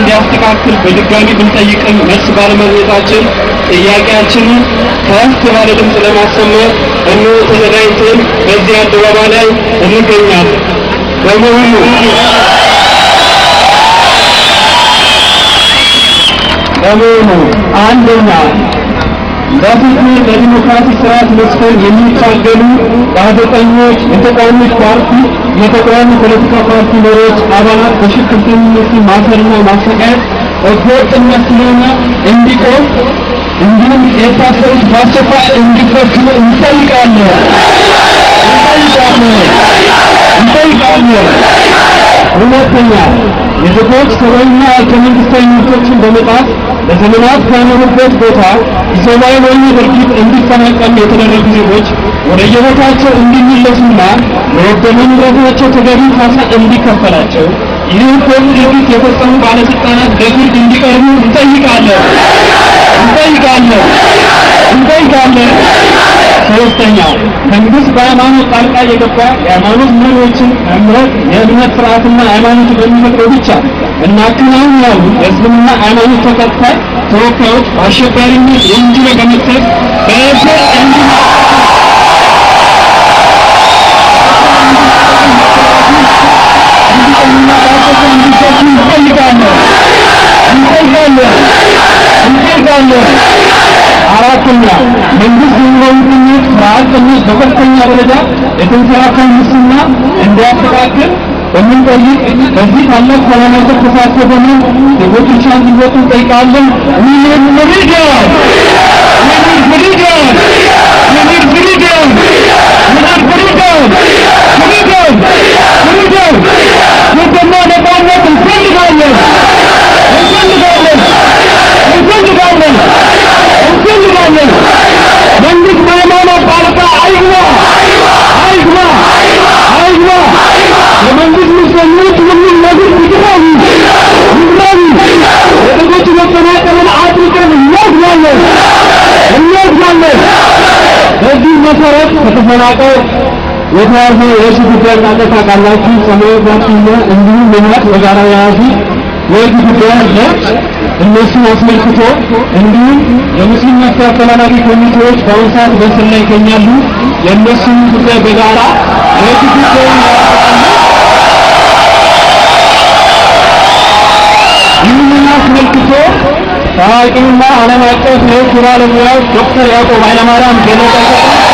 እንዲያስተካክል በድጋሚ ብንጠይቅም መልስ ባለመግኘታችን ጥያቄያችንን ከፍ ባለ ድምፅ ለማሰማት እኖ ተዘጋጅተን በዚህ አደባባይ ላይ እንገኛለን። በመሆኑ በመሆኑ አንደኛ በፊት ለዲሞክራሲ ስርዓት መስፈን የሚታገሉ ጋዜጠኞች፣ የተቃዋሚ ፓርቲ የተቃዋሚ ፖለቲካ ፓርቲ መሪዎች አባላት በሽብርተኝነት ማሰርና ማሰቃየት ህገወጥነት ስለሆነ እንዲቆም እንዲሁም የታሰሩት በአስቸኳይ እንዲፈቱ እንጠይቃለን እንጠይቃለን እንጠይቃለን። ሁለተኛ የዜጎች ሰብአዊና ከመንግስታዊ መብቶችን በመጣስ ለዘመናት ከኖሩበት ቦታ ኢሰብአዊ በሆነ ድርጊት እንዲፈናቀሉ የተደረጉ ዜጎች ወደ የቦታቸው እንዲመለሱና ለወደመ ንብረታቸው ተገቢ ካሳ እንዲከፈላቸው ይህ ህገወጥ ድርጊት የፈጸሙ ባለስልጣናት ለፍርድ እንዲቀርቡ እንጠይቃለን እንጠይቃለን እንጠይቃለን። ሶስተኛ መንግስት በሃይማኖት ጣልቃ እየገባ የሃይማኖት መሪዎችን መምረጥ የእምነት ስርዓትና ሃይማኖቱ በሚፈቅደው ብቻ በናከናውነው የእስልምና ሃይማኖት ተከታይ ተወካዮች በአሸባሪነት የወንጀል በመክሰስ በእስር እንዲሁ አራተኛ መንግስት የሚሆኑ ስርዓት ቅንስ በከፍተኛ ደረጃ የተንሰራፋ ሙስና እንዲያስተካክል उन्होंने कही नजदीक अल्लाह खुलाना तो खुफात को बनो वो तो शांति वो तो कई काल में उन्हें मिल गया दिन መሰረት ከተፈናቀው የተያዙ የኢትዮጵያ እናንተ ታውቃላችሁ፣ ሰሜን ባቲና እንዲሁም ልማት በጋራ የያዙ የኢትዮጵያ ህዝብ እነሱ አስመልክቶ እንዲሁም የሙስሊም መፍትሄ አፈላላጊ ኮሚቴዎች በአሁኑ ሰዓት በስር ላይ ይገኛሉ። የእነሱን ጉዳይ በጋራ የኢትዮጵያ ይህንን አስመልክቶ हाँ लेकिन मैं आने वाले तो फिलहाल डॉक्टर है तो भाई हमारा हम खेलों का